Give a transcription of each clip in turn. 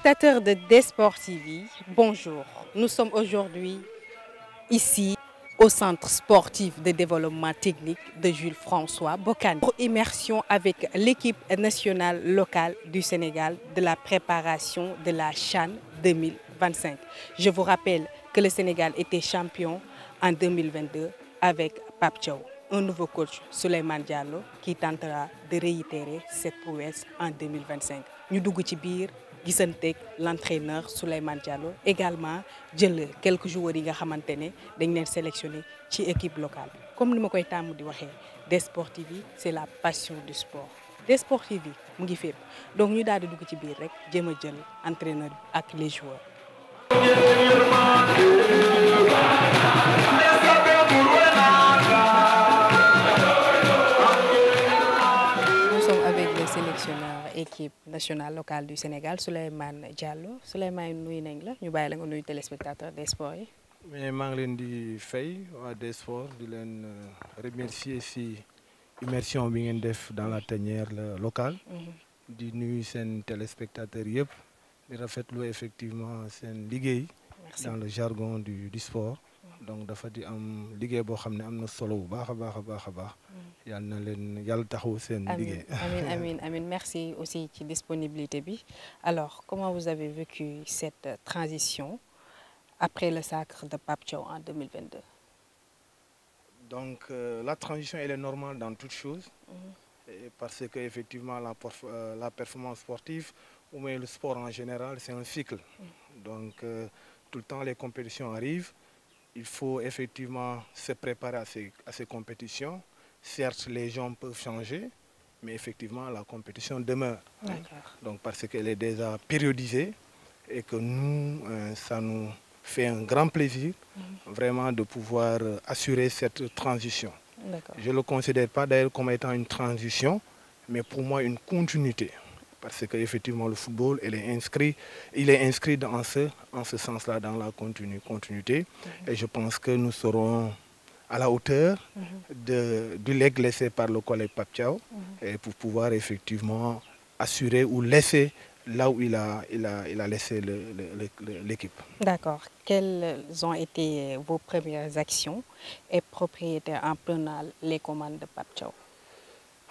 spectateurs de Desport TV, bonjour. Nous sommes aujourd'hui ici au Centre sportif de développement technique de Jules François Bocane pour immersion avec l'équipe nationale locale du Sénégal de la préparation de la Chan 2025. Je vous rappelle que le Sénégal était champion en 2022 avec Pape Chow, un nouveau coach, Souleymane Diallo, qui tentera de réitérer cette prouesse en 2025. Nous dugg gisante l'entraîneur Souleymane Diallo également jël quelques joueurs yi nga xamantene dañ sélectionné ci équipe locale comme nous koy tàmm di des sportifs c'est la passion du sport des sportifs ce mu ngi donc ñu daal di dugg ci biir rek jéem jël entraîneur ak les joueurs. sélectionneur équipe nationale locale du Sénégal Suleiman Diallo Suleiman nous nañ la ñu bàyyi la nga nuyu téléspectateur des sports mais maa ngi leen di fay waa des euh, remercier si immersion bi ngeen dans la tanière euh, locale. Mhm. di nous seen téléspectateur yëpp di rafetlu effectivement seen liggéey. dans le jargon du du sport donc dafa di am liggéey boo xam ne solo bu baax merci aussi ci disponibilité alors comment vous avez vécu cette transition après le sacre de Pape en 2022. donc euh, la transition elle est normale dans toute chose. Mhm. parce que effectivement la euh, performance sportive ou même le sport en général c'est un cycle. Mhm. donc euh, tout le temps les compétitions arrivent il faut effectivement se préparer à ces, compétitions. Certes, les gens peuvent changer, mais effectivement, la compétition demeure. Donc, parce qu'elle est déjà périodisée et que nous, euh, ça nous fait un grand plaisir mhm. vraiment de pouvoir assurer cette transition. Je ne le considère pas d'ailleurs comme étant une transition, mais pour moi une continuité parce qu'effectivement le football il est inscrit, il est inscrit dans ce, en ce sens-là, dans la continuité. Mhm. Et je pense que nous serons à la hauteur mhm. de, du leg laissé par le collègue Papchao mhm. et pour pouvoir effectivement assurer ou laisser là où il a, laissé l'équipe. D'accord. Quelles ont été vos premières actions et propriétaires en prenant les commandes de Papchao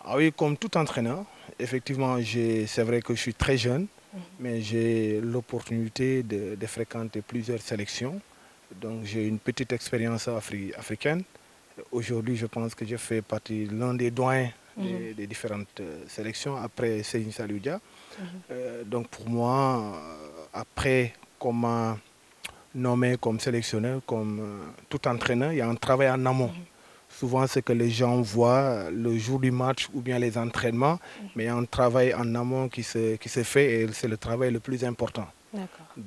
ah oui, comme tout entraîneur, effectivement, c'est vrai que je suis très jeune, mhm. mais j'ai l'opportunité de, fréquenter plusieurs sélections. Donc j'ai une petite expérience africaine. Aujourd'hui, je pense que je fais partie de l'un des doigts mhm. des, différentes euh, sélections après Céline Saludia. Mhm. Euh, donc pour moi, euh, après comment nommé comme sélectionneur, comme tout entraîneur, il y a un travail en amont souvent ce que les gens voient le jour du match ou bien les entraînements, mais il y a un travail en amont qui se, qui se fait et c'est le travail le plus important.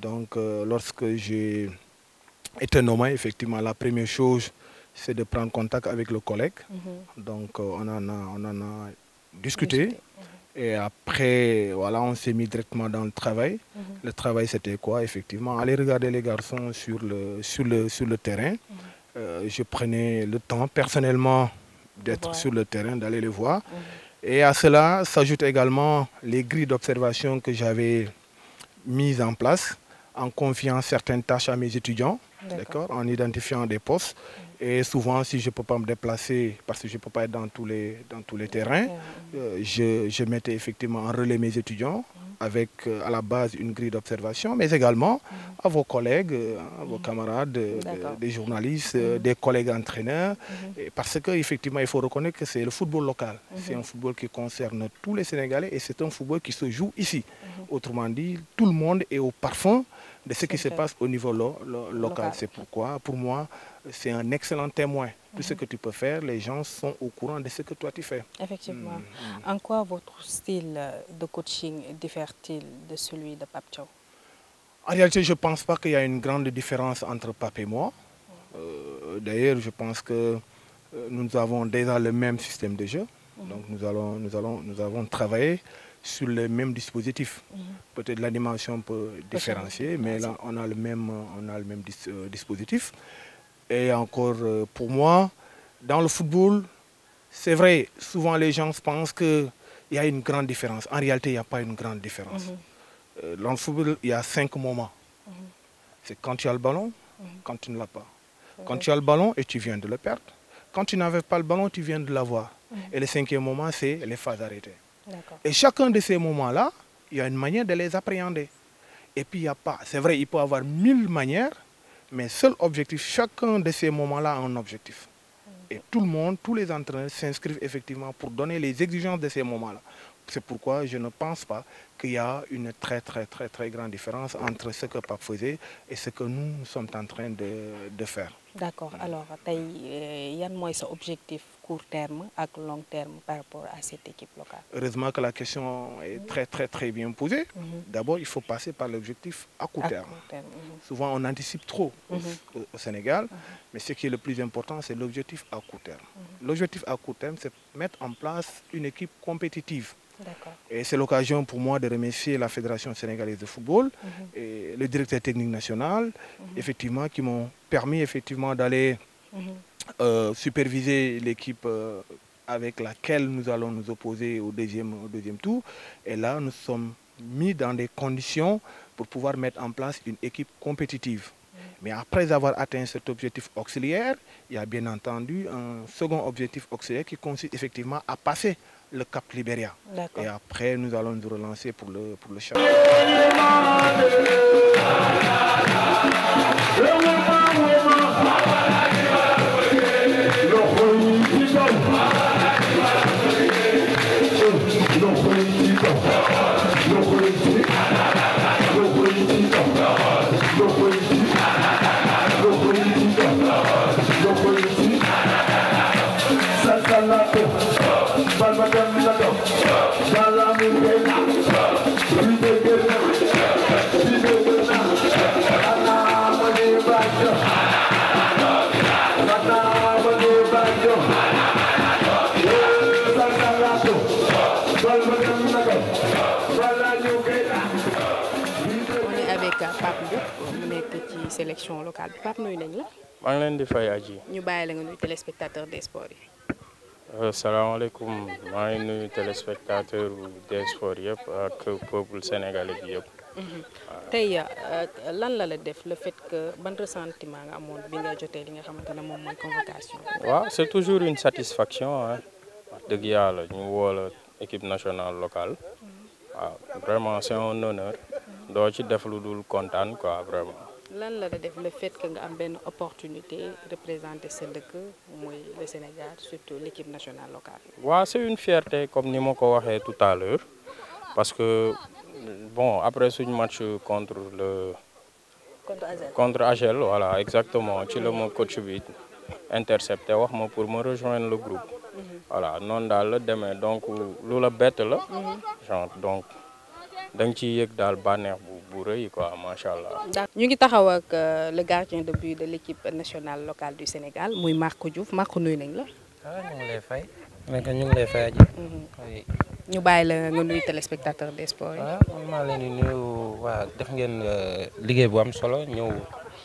Donc euh, lorsque j'ai été nommé, effectivement, la première chose, c'est de prendre contact avec le collègue. Mm-hmm. Donc euh, on, en a, on en a discuté. Mm-hmm. Et après, voilà, on s'est mis directement dans le travail. Mm-hmm. Le travail, c'était quoi, effectivement Aller regarder les garçons sur le, sur le, sur le terrain. Euh, je prenais le temps personnellement d'être sur le terrain, d'aller les voir. Mhm. Et à cela s'ajoutent également les grilles d'observation que j'avais mises en place en confiant certaines tâches à mes étudiants, en identifiant des postes. Mhm. Et souvent, si je ne peux pas me déplacer, parce que je ne peux pas être dans tous les, terrains, euh, je, je mettais effectivement en relais mes étudiants mhm avec euh, à la base une grille d'observation, mais également à vos collègues, euh, à vos mhm. camarades, euh, des journalistes, mhm. des collègues entraîneurs, mhm. parce qu'effectivement, il faut reconnaître que c'est le football local. C'est un football qui concerne tous les Sénégalais et c'est un football qui se joue ici. Autrement dit, tout le monde est au parfum de ce qui se passe au niveau local. C'est pourquoi, pour moi, c'est un excellent témoin tout ce que tu peux faire, les gens sont au courant de ce que toi tu fais. Effectivement. Mm, mm. En quoi votre style euh, de coaching diffère-t-il de celui de Pape Chow En réalité, je ne pense pas qu'il y a une grande différence entre Pape et moi. Euh, d'ailleurs, je pense que euh, nous avons déjà le même système de jeu. Mhm. Donc nous, allons, nous, allons, nous avons travaillé sur le même dispositif. Mhm. Peut-être l'animation peut différencier, mais là, on a le même, on a le même dispositif. Et encore euh, pour moi, dans le football, c'est vrai, souvent les gens pensent qu'il y a une grande différence. En réalité, il n'y a pas une grande différence. Mhm. Euh, dans le football, il y a cinq moments. Mhm. C'est quand tu as le ballon, mhm. quand tu ne l'as pas. Quand tu as le ballon et tu viens de le perdre. Quand tu n'avais pas le ballon, tu viens de l'avoir. Et le cinquième moment, c'est les phases arrêtées. Et chacun de ces moments-là, il y a une manière de les appréhender. Et puis, il n'y a pas. C'est vrai, il peut y avoir mille manières, mais seul objectif, chacun de ces moments-là a un objectif. Et tout le monde, tous les entraîneurs s'inscrivent effectivement pour donner les exigences de ces moments-là. C'est pourquoi je ne pense pas qu'il y a une très très très très grande différence entre ce que Pape faisait et ce que nous sommes en train de, de faire. D'accord. Alors, euh, Yann, moi, c'est objectif court terme à long terme par rapport à cette équipe locale. Heureusement que la question est très très très bien posée. Mhm. D'abord, il faut passer par l'objectif à court terme. Mhm. Souvent, on anticipe trop au, mhm. Sénégal, mais ce qui est le plus important, c'est l'objectif à court terme. L'objectif à court terme, c'est mettre en place une équipe compétitive. Et c'est l'occasion pour moi de remercier la Fédération sénégalaise de football et le directeur technique national, effectivement, qui m'ont permis effectivement d'aller euh, superviser l'équipe euh, avec laquelle nous allons nous opposer au deuxième, au deuxième tour. Et là, nous sommes mis dans des conditions pour pouvoir mettre en place une équipe compétitive. Mais après avoir atteint cet objectif auxiliaire, il y a bien entendu un second objectif auxiliaire qui consiste effectivement à passer le Cap Libéria. Et après, nous allons nous relancer pour le, pour le championnat. production locale bi Pape nuyu nañ la. maa ngi leen di fay aji. ñu bàyyi la nga nuyu téléspectateur des sports yi. asalaamaaleykum euh, maa ngi nuyu téléspectateur des sports yëpp ak peuple sénégalais bi yëpp. Mhm. tey euh, lan la la def le fait que ban ressentiment nga amone bi nga joté li nga xamante mom moom mooy convocation. waaw c'est toujours une satisfaction ah. wax dëgg yàlla ñu woo équipe nationale locale. Mhm. Wa, vraiment c'est un honneur. Mhm. doo ci def lu dul kontaan quoi vraiment le fait que nga am opportunité représenter celle que le Sénégal surtout l'équipe nationale locale. c'est une fierté comme ni tout à l'heure parce que bon après ce match contre le. contre Agel contre voilà exactement ci le coach intercepté pour me rejoindre le groupe. Mhm. voilà non d'aller demain donc lula la bête mhm. donc je suis yek dal bu rëy quoi macha allah. ñu ngi taxaw ak euh, le gardien de but de l' équipe nationale locale du Sénégal muy Marco Diouf Marco nuyu nañ la. waaw ah, ñu ngi lay fay. ñu ngi lay fay aji. Mhm. ñu bàyyi la nga nuyu téléspectateur des sports yi. waaw ah, man maa leen di nuyu waa def ngeen euh, liggéey bu am solo ñëw.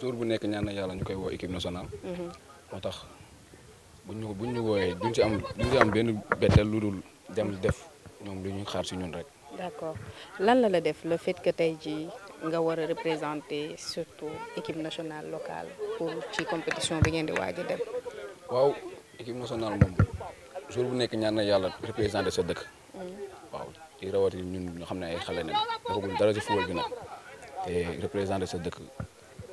jour bu nekk ñaan na yàlla ñu koy woo équipe nationale. Mhm. moo tax buñ ñu buñ ñu wooyee duñ ci am duñ ci am benn bettel lu dul dem def ñoom li ñuy xaar si ñun rek. d'accord lan la la def le fait que tey jii nga war a représenter surtout équipe nationale locale pour ci compétition bi ngeen di waaj a dem. waaw équipe nationale moom jour bu nekk ñaan na yàlla représenter sa dëkk. Mhm. waaw ci rawatina ñun ñu xam ne ay xale nañ dafa dara ci football bi nag te représenter sa dëkk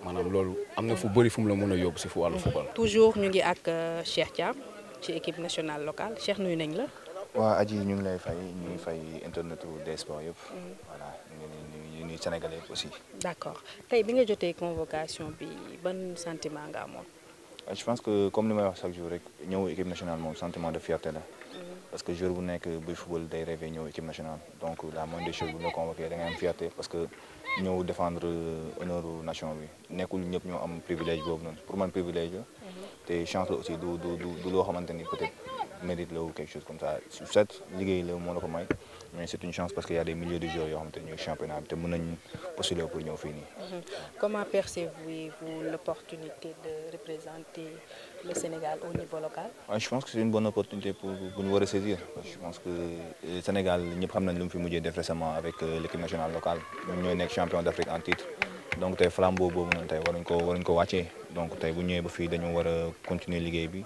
manam loolu amna fu bëri fum la meuna yob ci fu walu football. toujours ñu ngi ak euh, Cheikh Thiam ci équipe nationale locale Cheikh nuyu nañ la. waaw aji ñu ngi lay fay ñu ngi fay internetu desport sports yëpp. Mm. voilà ñu ngi ñu Sénégalais aussi. d'accord tay bi nga jotee convocation bi ban sentiment nga amoon. Euh, je pense que comme ni may wax chaque jour rek ñew équipe nationale mom sentiment de fierté la parce que je bu que buy football des rêvé ñëw l'équipe nationale donc la moindre des choses bu ñu convoqué c'est nga fierté parce que nous défendre euh, honneur nation Nous avons un am privilège pour nous. pour un privilège c'est mhm. une chance aussi du du du loo xamante peut-être mérite quelque chose comme ça certes ligue, le moo la ko may mais c'est une chance parce qu'il y a des milliers de joueurs qui ont le championnat et nous pour nous finir. Mhm. Comment percevez-vous l'opportunité de représenter le Sénégal au niveau local Je pense que c'est une bonne opportunité pour, nous ressaisir. Je pense que le euh, Sénégal, nous avons fait récemment avec euh, l'équipe nationale locale. Nous sommes champions d'Afrique en titre. Donc, nous avons fait flambeau, nous avons fait Donc, nous avons continuer la Ligue.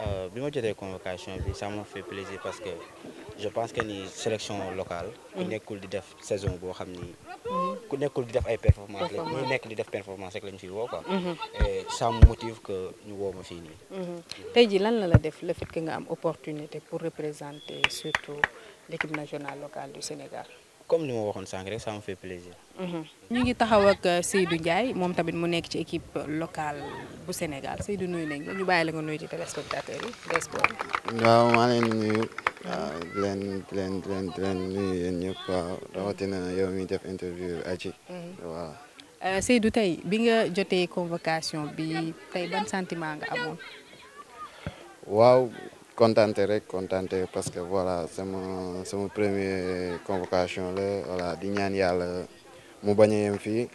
Euh, bi suis convocation ça m'a fait plaisir parce que je pense que la sélection locale. Mm. saison mm-hmm. ça me motive que nous woo ma mm-hmm. la que opportunité pour représenter surtout l'équipe nationale locale du Sénégal comme ni avons ça me fait plaisir. Mhm. Nous taxaw euh, Seydou Ndiaye qui tamit mu équipe euh, locale au Sénégal Seydou téléspectateurs yi Nous mhm. euh, convocation sentiment nga contenté rek contenté parce que voilà c'est c'est mon première convocation là voilà di ñaan yàlla mu bañ a yem fii.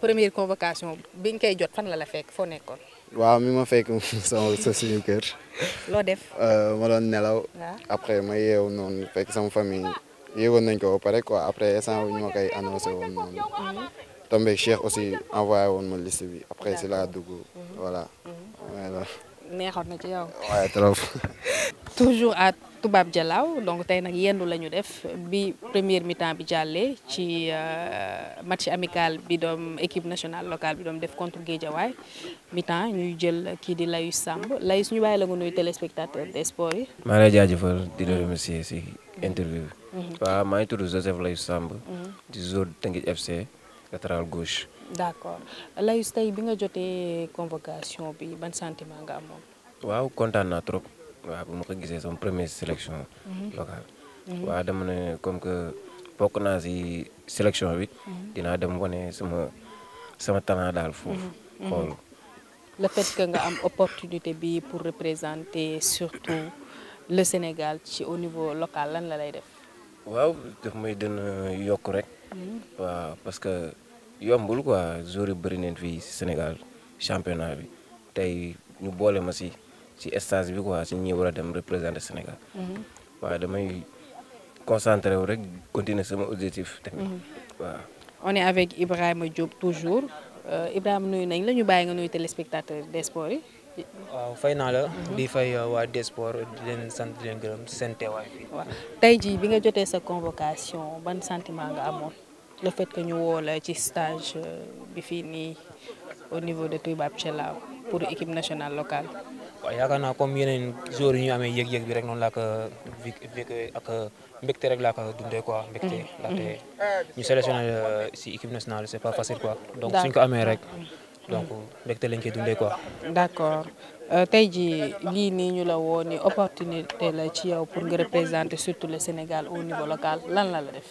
première convocation biñ koy jot fan la la fekk foo nekkoon. waaw mi ma fekk sama sa suñu kër. loo def. Euh, ma doon nelaw. après ma yeewu fait fekk sama famille yéegoon nañ ko ba pare quoi après ça on ñu ma koy annoncé woon noonu. tombé Cheikh aussi envoyé woon ma liste bi après si laa dugg. Mhm. voilà. Mhm. neexoon na ci yow. waaye trop. toujours à tubaab Dialaw donc tey nag yendu lañu def bi première mi bi jàllee ci euh, match amical bi doom équipe nationale locale bi doom def contre Guédiawaye mi-temps ñuy jël kii di Layus Samb Layus suñu bàyyi la nga nuyu téléspectateur des sports yi. maa ngi lay jaajëfal di la remercier si interview bi. Mhm. waaw maa ngi tudd Joseph Layus Samb. Mhm. di zone Teungueth FC latéral gauche. d'accord Là, il bi nga convocation bi ban sentiment nga amoon. waaw trop de bu ma première sélection mhm. locale mhm. comme que pour la sélection bi. Mhm. dem talent dans le le fait que nga am opportunité pour représenter surtout le Sénégal au niveau local lan la lay def. waaw daf may dën parce que yombul quoi joueurs yu bëri neen Sénégal championnat bi tay ñu bolé ma ci ci stage bi quoi si ñi wara a dem représenter Sénégal. Mhm. waaw damay concentré wu rek continuer sama objectif tamit. Mhm. waaw on est avec Ibrahima Diop toujours euh, Ibrahima nuyu nañ la ñu bàyyi nga nuyu téléspectateur des sports yi. waaw fay naa la. Mhm. di fay euh, waa Desport di leen sant di leen gërëm seen teewaay fii. waaw tey jii bi nga jotee sa convocation ban sentiment nga amoon. la fait que ñu woo la ci stage euh, bi fii nii au niveau de Touba Pchela pour équipe nationale locale. waaw yaakaar naa comme yeneen joueurs yu ñu amee yëg yéeg bi rek noonu laa ko vécu ak euh, mbégte rek laa ko dundee ko mbégte mm-hmm. ndaxte mm-hmm. ñu sélectionné euh, si équipe nationale c'est pas facile quoi. donc suñ ko amee rek. Mm-hmm. donc mbégte lañ koy dundee ko d'accord tey jii lii nii ñu la woo ni opportunité la ci yow pour nga représenter surtout le Sénégal au niveau local lan la la def.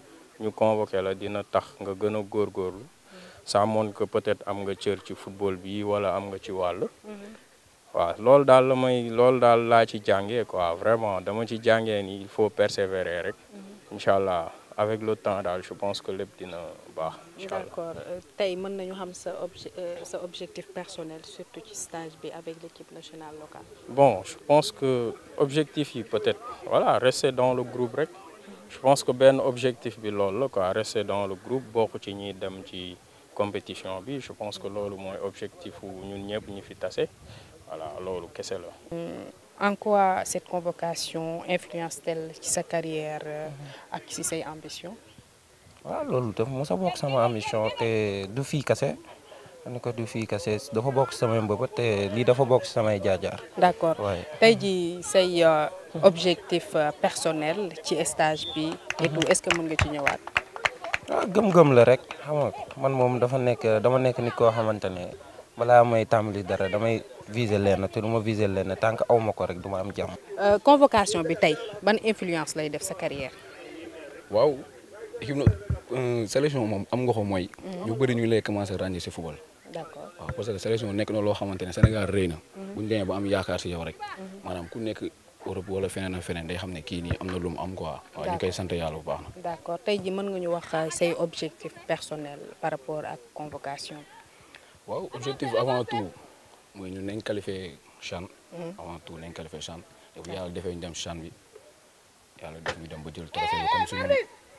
ñu convoqué la dina tax nga gëna gor gor ça montre que peut-être am nga cër ci football bi wala am nga ci walu mm-hmm. wa lool dal la lool dal la ci jangé quoi vraiment dama ci jangé ni il faut persévérer rek. Mm-hmm. inshallah avec le temps dal je pense que lépp dina baax. incha allah d'accord euh, tey mën nañu xam sa euh, sa objectif personnel surtout ci stage bi avec l'équipe nationale locale. bon je pense que objectif yi peut-être voilà rester dans le groupe rek je pense que ben objectif bi lolo quoi rester dans le groupe beaucoup ci ñiy dem ci compétition bi je pense que lolo moy objectif ñun ñëpp ñu fi tassé voilà lolo kese la. Euh, en quoi cette convocation influence-t-elle sa carrière euh, ak ses ambitions ambition lolo dafa mos a bokk sama ambition té du fi kase ne ko du fi kase dafa bok sama mbëbët té lii dafa bok sama jaar-jaar. d'accord tay ji say. Euh, objectif euh, personnel ci stage bi. et tout est-ce que mën nga ci ñëwaat. Ah, gëm-gëm la rek xam nga man moom dafa nekk dama nekk nit koo xamante ne balaa may tàmbali dara damay viser lenn te du ma viser lenn tant que aw ma ko rek du ma am jàmm. Euh, convocation bi tey ban influence lay def sa carrière. waaw équipe na euh, sélection moom am nga ko mooy. Mhm. ñu bëri ñu lay commencé ràññee si football. d'accord waaw parce que sélection nekk na loo xamante ne Sénégal rëy na. Mhm. bu demee ba am yaakaar si yow rek. Mhm. maanaam ku nekk. Europe wala feneen ak feneen day xam ne kii nii am na lu mu am quoi. waaw ñu koy sant yàlla bu baax na. d'accord tey ji mën nga ñu wax euh, say objectif personnel par rapport ak convocation waaw objectif avant tout mooy ñun nañ qualifié CHAN. Mhm. avant tout nañ qualifié CHAN. yàlla defee ñu dem CHAN bi yàlla def ñu dem ba jël trophée bi comme suñu.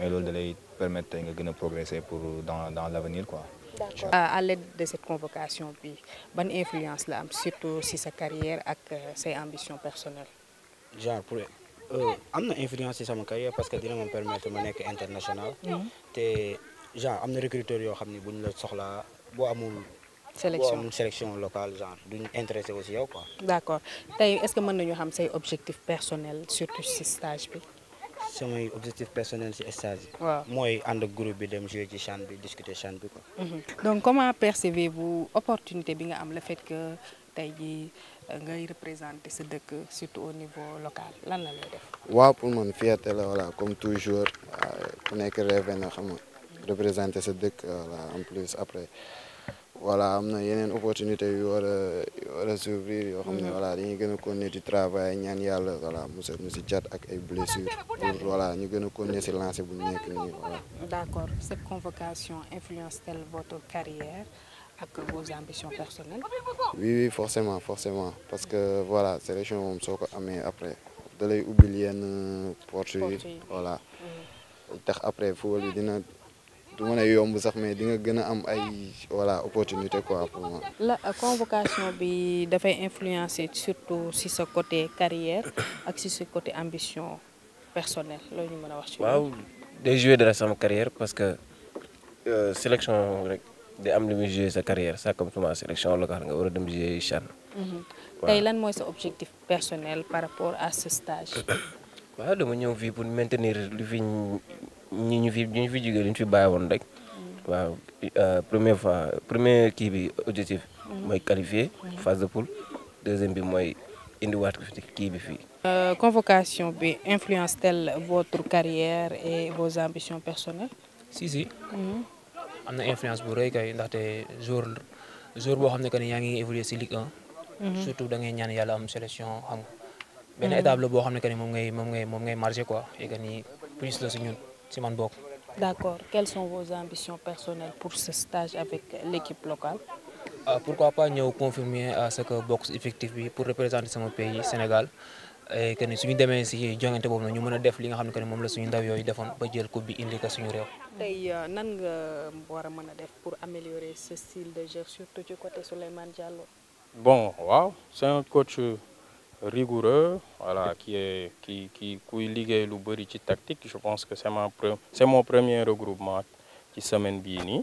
Et l'eau de permettre de progresser pour, dans, dans l'avenir. quoi. Euh, à l'aide de cette convocation, puis, bonne influence là, surtout sur sa carrière et euh, ses ambitions personnelles. Genre, pour, euh, influence carrière parce que je suis permettre de international. Mhm. Té genre amna recruteur yo xamni buñ la sélection locale genre intéressé aussi quoi. est ce que vous nañu xam objectifs personnels personnels surtout ce stage samay objectif personnel ci stage yi. mooy ànd ak bi dem jouer ci chant bi discuter chant bi quoi. Mhm. donc comment percevez vous opportunité bi nga am la fait que tey jii euh, ngay représenter sa dëkk surtout au niveau local lan la lay def. waaw pour man fierté la voilà toujours euh, ku nekk rêve xam nga représenter sa dëkk voilà en plus après. voilà amna yenen opportunité yu war a war a s'ouvrir yoo xam mm-hmm. voilà dañuy gëna a continuer travail ñaan yalla voilà monsieur ñu si ak ay blessures voilà ñu gëna a continuer si lancer bu nekk ni voilà. d'accord cette convocation influence-t-elle votre carrière ak vos ambitions personnelles. oui oui forcément forcément parce que voilà sélection moom soo ko amee après da lay ubbil yenn euh, portes yi voilà mm-hmm. tax après football bi dina. Je suis a yomb sax mais di nga gën am ay voilà opportunité quoi la convocation bi dafay influencer surtout si sa côté carrière ak si sa côté ambition personnelle Je suis wax ci. waaw day joué de sama carrière parce que euh, sélection de day am lu sa carrière ça comme souvent sélection locale nga war a dem joué CHAN. Mhm. tey lan mooy sa objectif personnel par rapport à ce stage. Je dama ñëw fii pour maintenir lu vie ñi ñu fi ñu fi jugee li fi bàyyi rek waaw euh, première fois premier qui bi objectif mm. mooy qualifier mm. phase de poule deuxième bi Indi indiwaat ko fi kii bi euh, convocation bi influence-t-elle votre carrière et vos ambitions personnelles. si si. Mm. am na influence bu rëy kay ndaxte jour jour boo xam ne que ni yaa ngi évoluer si Ligue 1. Mm-hmm. surtout da ngay ñaan yàlla am sélection Mais nga. Mm-hmm. benn étape la boo xam ne que ni moom ngay ngay ngay quoi et gagner ni plus la si ñun. Bok. D'accord. Quelles sont vos ambitions personnelles pour ce stage avec l'équipe locale? euh, pourquoi pas ñëw confirmer à euh, ce que effectif pour représenter mon pays Sénégal et que ni suñu demee si jongante boobu nag ñu mën a def li nga xam que nous la suñu ndaw yooyu ba jël coupe bi indi suñu euh, nan pour améliorer ce style de jeu surtout ci côté Souleymane Diallo. bon waaw c'est un coach rigoureux voilà qui est qui qui kuy ligue lu tactique je pense que c'est mon pre c'est mon premier regroupement ci semaine bien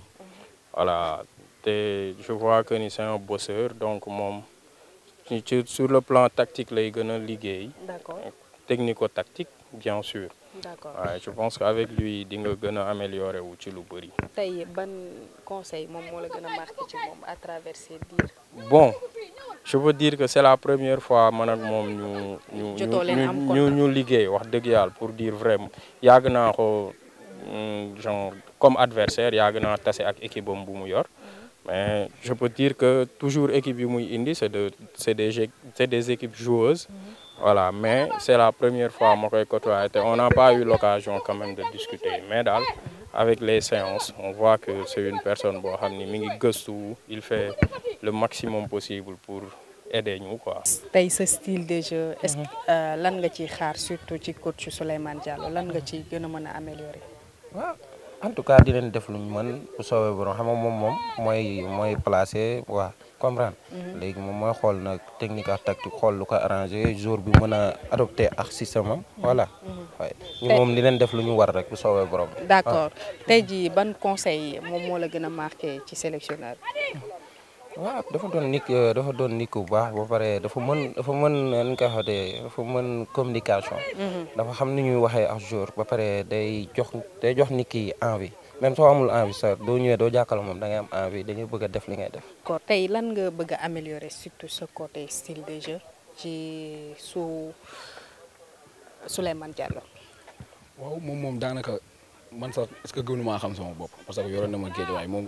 voilà te je vois que ni c'est un bosseur donc mon sur le plan tactique lay gën a liggéey technico-tactique bien sûr d'accord je pense qu'avec lui di nga améliorer wu ci lu bëri conseil mon moo le marqué ci à traverser. dire bon je veux dire que c'est la première fois que nous nous nous pour dire vraiment mm, comme adversaire il y a une équipe mais je peux dire que toujours l'équipe indi c'est des c'est des équipes joueuses voilà mais c'est la première fois que nous côtoyer on n'a pas eu l'occasion quand même de discuter mais avec les séances, on voit que c'est une personne qui il fait le maximum possible pour aider nous. Quoi. ce style de jeu, est-ce mhm. que euh, surtout coach Souleymane Diallo, qu'est-ce que tu améliorer en tout cas di leen def lu mën bu soobee borom xam nga moom moom mooy mooy placé waa comprendre mhm. léegi moom mooy xool nag technique ak tactique xool lu ko arrangé jour bi mën a adopté ak système am mhm. voilà mhm. moom di leen def lu ñu war rek bu soobee borom d'accord ah. tey jii ban conseil moom moo la gën a marqué ci sélectionneur waaw dafa doon nit euh, dafa doon nit ku baax ba pare dafa mën dafa mën euh, nu ñu koy de dafa mën communication. Mm-hmm. dafa xam ni ñuy waxee ak jour ba pare day jox day jox nit ki envie soo amul envie sax doo ñëwee doo jàkkaarloo moom da am envie da ngay bëgg a def li ngay def. d'accord tey lan nga bëgg a améliorer surtout ce côté style de jeu ci su Souleymane Diallo. waaw moom moom daanaka man sax est-ce que gënu maa xam sama bopp parce que yoroon na ma waaye moom.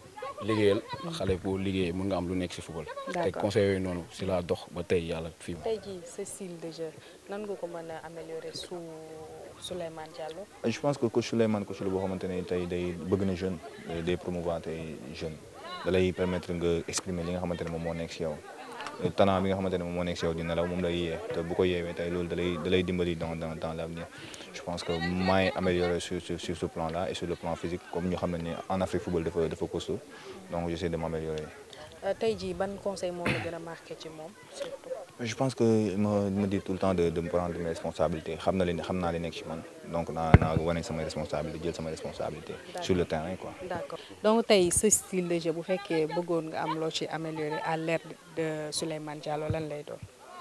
liggéeyal xalé boo liggéeyee mën nga am lu nekk ci football. té conseil yooyu ci la dox ba tey yàlla fii. tay ji ce style de jeu nan nga ko mën améliorer su souleyman Diallo. je pense que coach souleyman coach la boo xamante ne day bëgg jeune day promouvoir tey jeune da lay permettre nga exprimer li nga xamantene ne mo moo ci yow. talent bi nga xamantene ne mo moo ci yow dina la moom lay yee te bu ko yéwé tay lool da lay da lay dimbali dans dans l'avenir je pense que moi améliorer sur, sur, ce plan-là et sur le plan physique comme nous xam en Afrique football dafa dafa donc j'essaie de m'améliorer. Euh, tey bon conseil de la surtout. je pense qu'il me me tout le temps de me prendre mes responsabilités Je na leen li ci donc je responsabilités jël responsabilités. sur le terrain quoi. d'accord donc ce style de jeu bu que bëggoon nga am amélioré améliorer à l'ère de Souleymane Diallo lan lay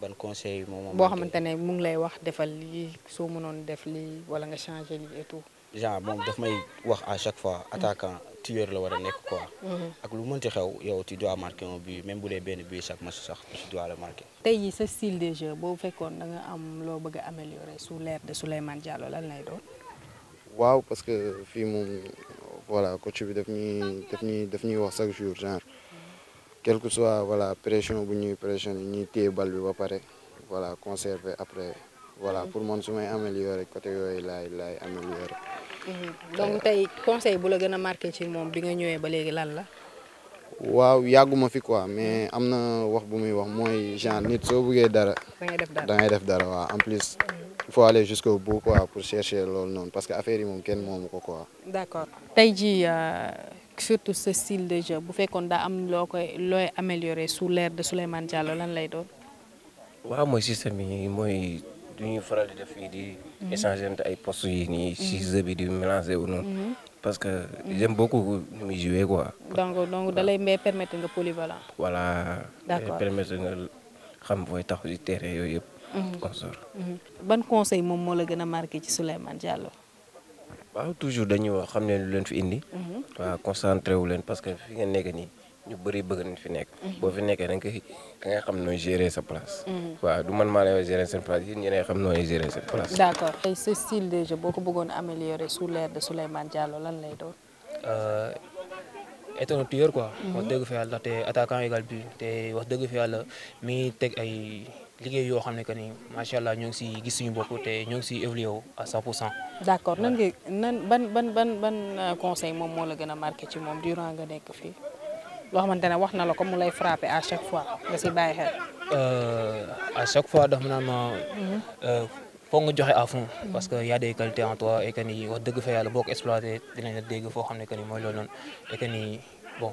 ban conseil moom boo xamante ne mu ngi lay wax defal li so soo non def li wala nga changer lii et tout. genre mom daf may wax à chaque fois attaquant tueur la war nek nekk quoi. Mm-hmm. ak lu mënti xew yow tu dois marquer un but même bu dee ben but chaque match sax tu dois le marquer. tay jii sa style de jeu bo fekkoon da nga am lo bëgg a améliorer sous l'ère de Souleymane Diallo lan lay doon. waaw parce que fi moom voilà coach bi daf ñuy daf ñuy daf ñuy wax chaque jour genre quel que soit voilà pression bu ñuy pression ni téye bal bi ba voilà conserver après voilà pour mon su amélioré, améliorer côté a, il a, amélioré. Mhm. donc euh, tey conseil pour la gagner marqué ci mon bi nga ñëwee ba léegi lan la. waaw fi quoi mais amna na wax bu muy wax mooy genre nit soo bëggee dara. da ngay def dara da def dara en plus. il faut aller jusqu'au bout quoi pour chercher loolu non parce que affaire yi moom kenn moomu quoi. d'accord tey jii. Euh, surtout ce style de jeu bu fekkon da am lo koy loy améliorer sous l'ère de Souleymane Diallo lan lay doon. wa moy système yi mooy du faral di def fii di. Mhm. échanger ay postes yi ni mhm. si jeu bi di mélanger wu mhm. parce que j'aime beaucoup ni mi jouer quoi. donc donc dalay lay permettre nga polyvalent. voilà d'accord permettre nga xam boy taxu di terrain yoyep yëpp. consort. ban conseil mom moo la gën marqué ci Souleymane Diallo waaw toujours dañu wax xam lu leen fi indi. Mhm. wa concentré wu leen parce que fi nga nekk ni ñu bari bëgg nañ fi nekk. Mhm. bo fi nekké da nga da nga xam nooy gérer sa place. Mhm. wa du man ma lay gérer sa place yéen ñene xam nooy gérer sa place. d'accord et ce style de jeu boko bëggone améliorer sous l'ère de Souleyman Diallo lan lay doon. Euh, étant tueur quoi. wax dëgg fa yàlla té attaquant égal but té wax dëgg fi yalla mi ngi ay liguey yo xamné que ni machallah ñong ci gis suñu bokku té ñong ci évoluer à 100 d'accord nan nga nan ban ban ban ban euh, conseil mom mo la gëna marqué ci mom durant nga nek fi lo xamantene wax na la ko mu lay frapper à chaque fois nga ci baye xel. Euh, à chaque fois dafa naan ma. Mhm. Euh, foog nga joxe à fond. parce que y a des qualités en toi et que ni wax deug fa yàlla boo ko dinañ la dégg fo xamné que ni moy loolu et que ni bon.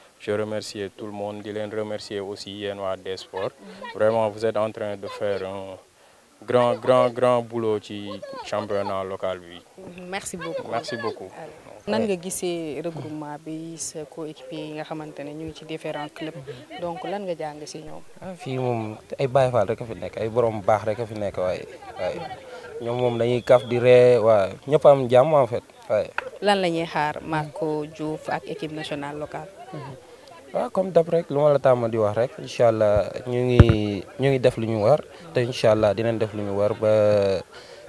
Je remercie tout le monde, je les remercie aussi Yenoa des Sports. Vraiment, vous êtes en train de faire un grand, grand, grand boulot du championnat local bi. merci beaucoup merci beaucoup. nan nga gisee regroupement bi sa coéquipier yi nga xamante ñu ci différents clubs donc lan nga jàng si ñoom. ah fii moom ay Baye Fall rek a fi nekk ay borom baax rek a fi nekk waaye waaye ñoom moom dañuy kaf di ree waaye ñëpp am jàmm en fait waaye. lan la ñuy xaar Marco Diouf ak équipe nationale locale. wa ah, comme dab rek luma la tàmm di wax rek inshallah allah ñu ngi ñu ngi def lu ñu war te inshallah allah dinañ def lu ñu war ba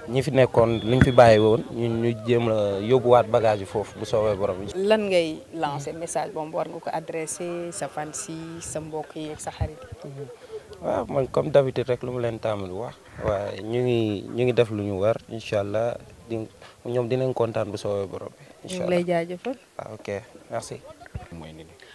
ñi fi nekkon luñ fi bàyyi won ñu ñu la a wat bagage fofu bu soobee borom lan ngay lancer message bon war nga ko adresser sa fan si sa mbokk yi ak sa xarit. wa mhm. ah, man comme d'habitude rek luma leen di wax wa ñu ngi ñu ngi def lu ñu war inshallah allah di ñom dinañ contane bu soobee borom. inshallah ñu lay jaajeufal ah ok merci.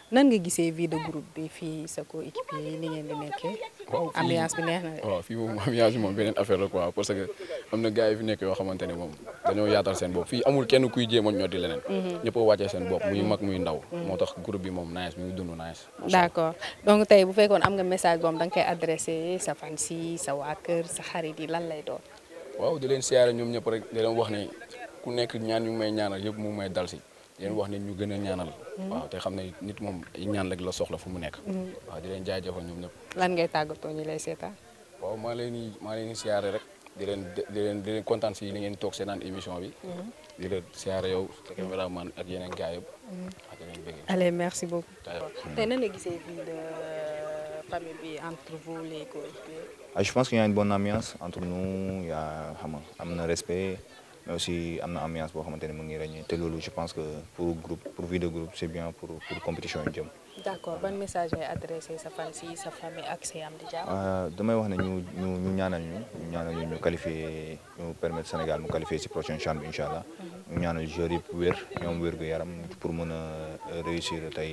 nan nga gisee vie de bi fii sa co équipe yi ni ngeen di nekkee. waaw ambiance bi neex na de. waaw fii moom ambiance bi moom beneen affaire la quoi parce que am na gars yi fi yoo xamante ne moom dañoo yaatal seen bopp fii amul kenn kuy jéem a ñor di leneen. Mhm. ñëpp a seen bopp muy mag muy ndaw. moo tax groupe bi moom nice mi ngi dund nice. d' donc tey bu fekkoon am nga message boobu da nga koy adressé sa fan si sa waa sa xarit yi lan lay doon. waaw di leen siyaare ñoom ñëpp rek di wax ne ku nekk ñaan yu may ñaanal yëpp mu may dal si leen wax ni ñu gëna ñaanal. waaw te xamné nit mom ay ñaan rek la soxla fu mu nekk. Mm-hmm. waaw di leen jaajëfal ñoom ñëpp. lan ngay tàggatoo ñi lay seetaan. waaw ma lay ni ma lay ni siyaare rek di leen di leen di leen kontaan si li ngeen toog seenaan émission bi. Mm-hmm. di leen siyaare yow te caméra man ak yeneen gaay yu waaw di leen allez merci beaucoup. tey na nga gisé vie de euh, famille bi entre vous les coéquipiers. Ah, je pense qu'il y a une bonne ambiance entre nous il y a xam nga respect. mais aussi am na ambiance boo xamante ne mu ngi ràññee te loolu je pense que pour groupe pour vie de groupe c' est bien pour pour compétition yu jëm. d' accord message ngay sa fan si sa famille ak am di jàmm. Euh, damay wax na ñu ñu ñu ñaanal ñu ñu ñaanal ñu ñu qualifié ñu permettre Sénégal mu qualifié si prochaine CHAN bi incha allah. Mhm. ñu ñaanal joueurs yëpp wér ñoom wér gu yaram pour mën a euh, réussir tey.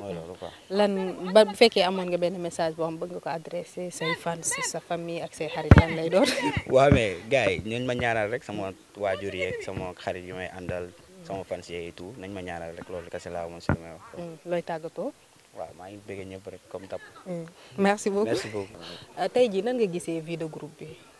mooy loolu quoi. lan ba bu fekkee amoon nga benn message boo xam bëgg nga ko adressé say fans sa famille ak say xarit lan lay doon. waaw mais gars yi nañ ma ñaanal rek sama waajur yeeg sama xarit yi may àndal sama fans yeeg et tout nañ ma ñaanal rek loolu kese laa moom si li may wax. Mm, looy tàggatoo. waaw maa ngi bëgg ñëpp rek comme tap. Mm, merci beaucoup euh, tey jii nan nga gisee groupe bi.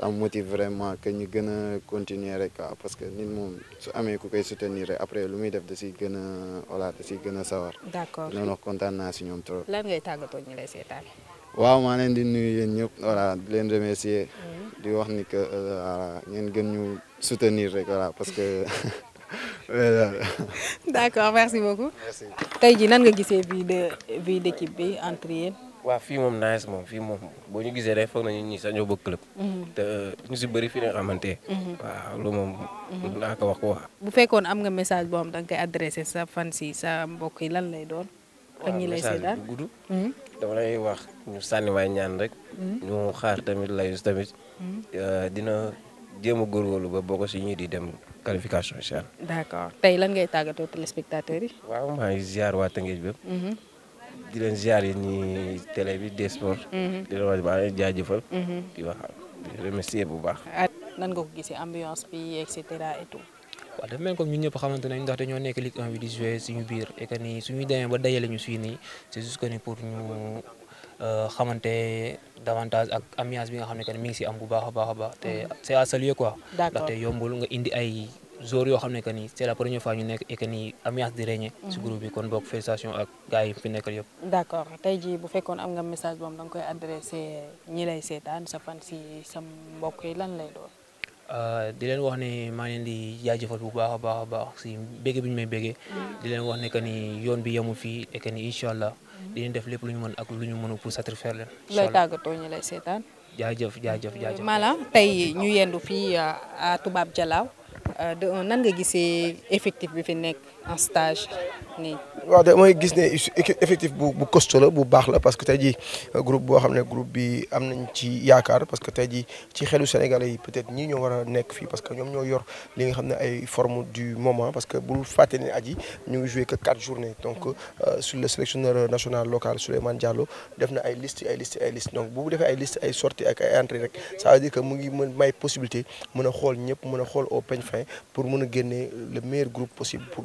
ça me motive vraiment que ñu a continuer rek quoi parce que nit moom su amee ku koy soutenir rek après lu muy def da siy gën a olaat da siy gën a sawar. d'accord noonu wax kontaan naa si ñoom trop. lan ngay a ñu lay seetaan. waaw maa leen di nuyu yéen ñëpp voilà di leen remercier. Mm-hmm. di wax ni que euh, ngeen gën ñu soutenir rek voilà parce que. d'accord merci beaucoup. tey jii nan nga gisee vie de vie d'équipe bi entre waaw fii moom nice moom fii moom boo ñu gisee day foog nañu ñi sax ñoo bëgg club. Mhm. te euh, ñu si bëri fi nga xamante mhm. waaw loolu moom. Mhm. naa ko wax ko waaw. bu fekkoon am nga message boo xam da nga koy adressé sa fan si sa mbokk yi lan lay doon. ak ñi lay seetaan gudd. dama lay wax ñu sànni waay ñaan rek. ñu xaar tamit layus tamit. Euh, dina jéem a góorgóorlu ba bokk si ñii di dem qualification incha allah. d' lan ngay tàggatoo téléspectateurs yi. waaw maa ziar waa Tëngéej bépp. di leen ziar yi ñi bi des sport mhm. di leen wax baax jaajëfal mhm. di wax di bu baax ah, nan nga ko gisee ambiance bi et cetera et tout waaw dafa mel comme ñun ñëpp xamante nañ ndax nekk Ligue 1 bi di jouer suñu biir et que ni suñuy demee ba dajale ñu suy nii c'est juste que ni pour ñu euh, xamante davantage ak ambiance bi nga xam ne que ni mi ngi si am bu baax a baax a baax te mhm. c'est à saluer quoi ndaxte yombul nga indi ay joueurs yoo xam ne que ni c' est la première fois ñu nekk et que di régner. si mhm. groupe bi kon bokk félicitation ak gars yi fi bu fekkoon am nga message boobu da nga seetaan sa fan si sa mbokk yi lan lay doon. Euh, di leen wax ne maa leen di jaajëfal bu baax a baax a baax si bége bi ñu may bége. Mhm. di leen wax ne que ni yoon bi yemul fii et que ni incha allah. Mhm. dinañ def lépp lu ñu mën ak lu ñu mënu pour satisfaire leen. incha allah lay tàggatoo ñi lay seetaan. jaajëf jaajëf jaajëf. maanaam tey ñu yendu fii euh, à Toubab Dialaw. Euh, de euh, nan nga gisee effectif bi fi nekk. un stage Wa effectif parce que le euh, groupe groupe qui est parce que groupe Sénégalais peut-être nous sommes est parce que nous sommes yor forme du moment parce que qui que quatre journées donc euh, sur le sélectionneur national local sur Diallo def na ay liste liste est liste donc liste ça veut dire que possibilité au fin pour le meilleur groupe possible pour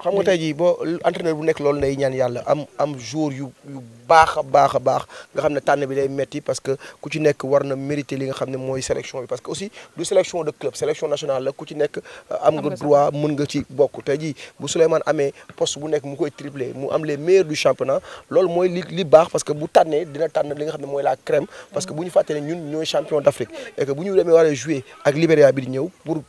xam nga tey bo boo entraîneur bu nek loolu lay ñaan yalla am am jour yu yu baax a baax nga xam tan bi lay metti parce que ku ci nek warna na mérité li nga xam ne sélection bi parce que aussi du sélection de club sélection nationale la ku ci nek euh, am nga droit mën nga ci bokk tey jii bu souleyman amé poste bu nek mu koy triplé mu am les meilleurs du championnat loolu moy li li baax parce que bu tànnee dina tan li nga xam moy la crème parce que buñu faté ñun ñoy champion d'Afrique et que buñu ñu demee jouer ak Libéria bi di ñew pour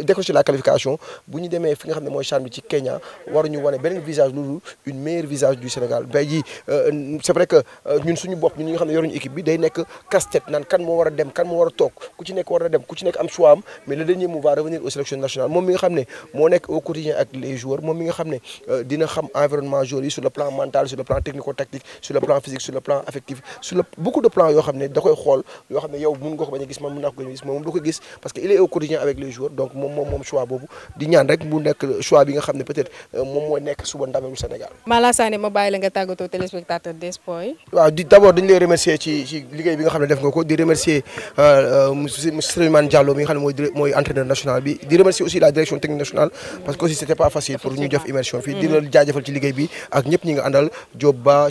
décrocher la qualification buñu démé fi nga xam moy mooy CHAN bi ci Kenya waruñu wane beneen visage lolu une meilleure visage du Sénégal bay euh, c'est vrai que euh, ñun suñu bop ñi nga xamne ne yoruñu équipe bi day nekk casse-tête nan kan mo war dem kan mo war tok ku ci nekk war dem ku ci nekk am choix am mais le dernier mot va revenir aux sélections nationales mom mi nga xamne mo nekk au quotidien avec les joueurs mom mi nga xamne euh, dina xam environnement joueurs yi sur le plan mental sur le plan technico-tactique sur le plan physique sur le plan affectif sur le beaucoup de plans yo xamne da koy xol yo xamne yow mun nga ko bañ a gis man mun naa ko a gis moom da ko gis parce que il est au quotidien avec les joueurs donc mom mom choix bobu di ñaan rek mu nekk choix bi nga xamne peut-être euh, moom mooy nekk suba ndamelu Sénégal. Malla Sané ma nga tàggatoo téléspectateur des points. yi. waaw di d' abord dañu lay remercier ci ci liggéey bi nga xam def nga ko di remercier euh, euh, monsieur monsieur Souleymane Diallo mi nga xam ne entraîneur national bi di remercier aussi la direction technique nationale parce que aussi c' pas facile pour ñu def immersion fii. di la jaajëfal ci liggéey bi ak ñëpp ñi nga àndal Diop Ba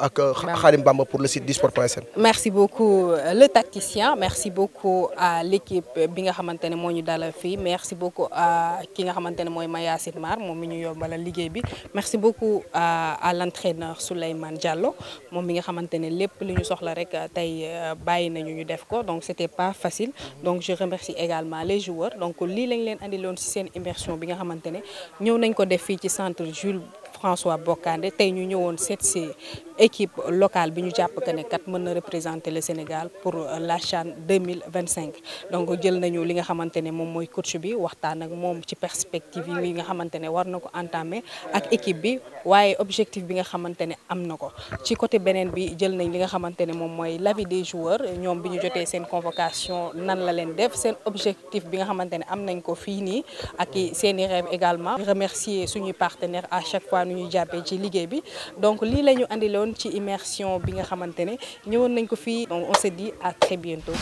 ak. Khadim Bamba pour le site di sport.sn. merci beaucoup le tacticien merci beaucoup à l'équipe équipe bi nga xamante ne ñu dalal fii merci beaucoup à ki nga xamante ne mooy Mayacine Mar moom ñu yombalal liggéey bi merci beaucoup à l'entraîneur Souleymane Diallo moom mi nga xamante ne lépp li ñu soxla rek euh, tey euh, bàyyi nañu ñu def ko donc c'était pas facile donc je remercie également les joueurs donc lii lañ leen andiloon ci seen immersion bi nga xamante ne ñëw nañ ko def fii ci centre Jules François Bocandé tey ñu ñëwoon 7C équipe locale bi ñu jàpp que ne kat mëna représenter le Sénégal pour euh, la CHAN 2025 donc jël nañu li nga xamante mom moy coach bi waxtaan ak mom ci perspective yi nga xamante ne war na entamer ak équipe bi waye objectif bi nga xamante ne am na ci côté benen bi jël nañ li nga xamante mom moy l'avis des joueurs ñom biñu ñu jotee seen convocation nan la leen def seen objectif bi nga xamante ne am nañ ko fii nii ak seeni rêve également remercier suñu partenaires à chaque fois nu ñuy jàppee ci liggéey bi donc li lañu andi immersion bi nga xamante Nous nañ ko on se dit à très bientôt